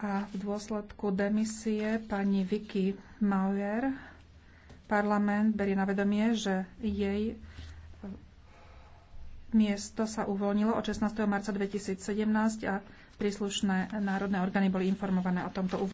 a v dôsledku demisie pani Vicky Mauer parlament berie na vedomie, že jej eh, miesto sa uvoľnilo od 16. marca 2017 a príslušné národné orgány boli informované o tomto uvoľnení.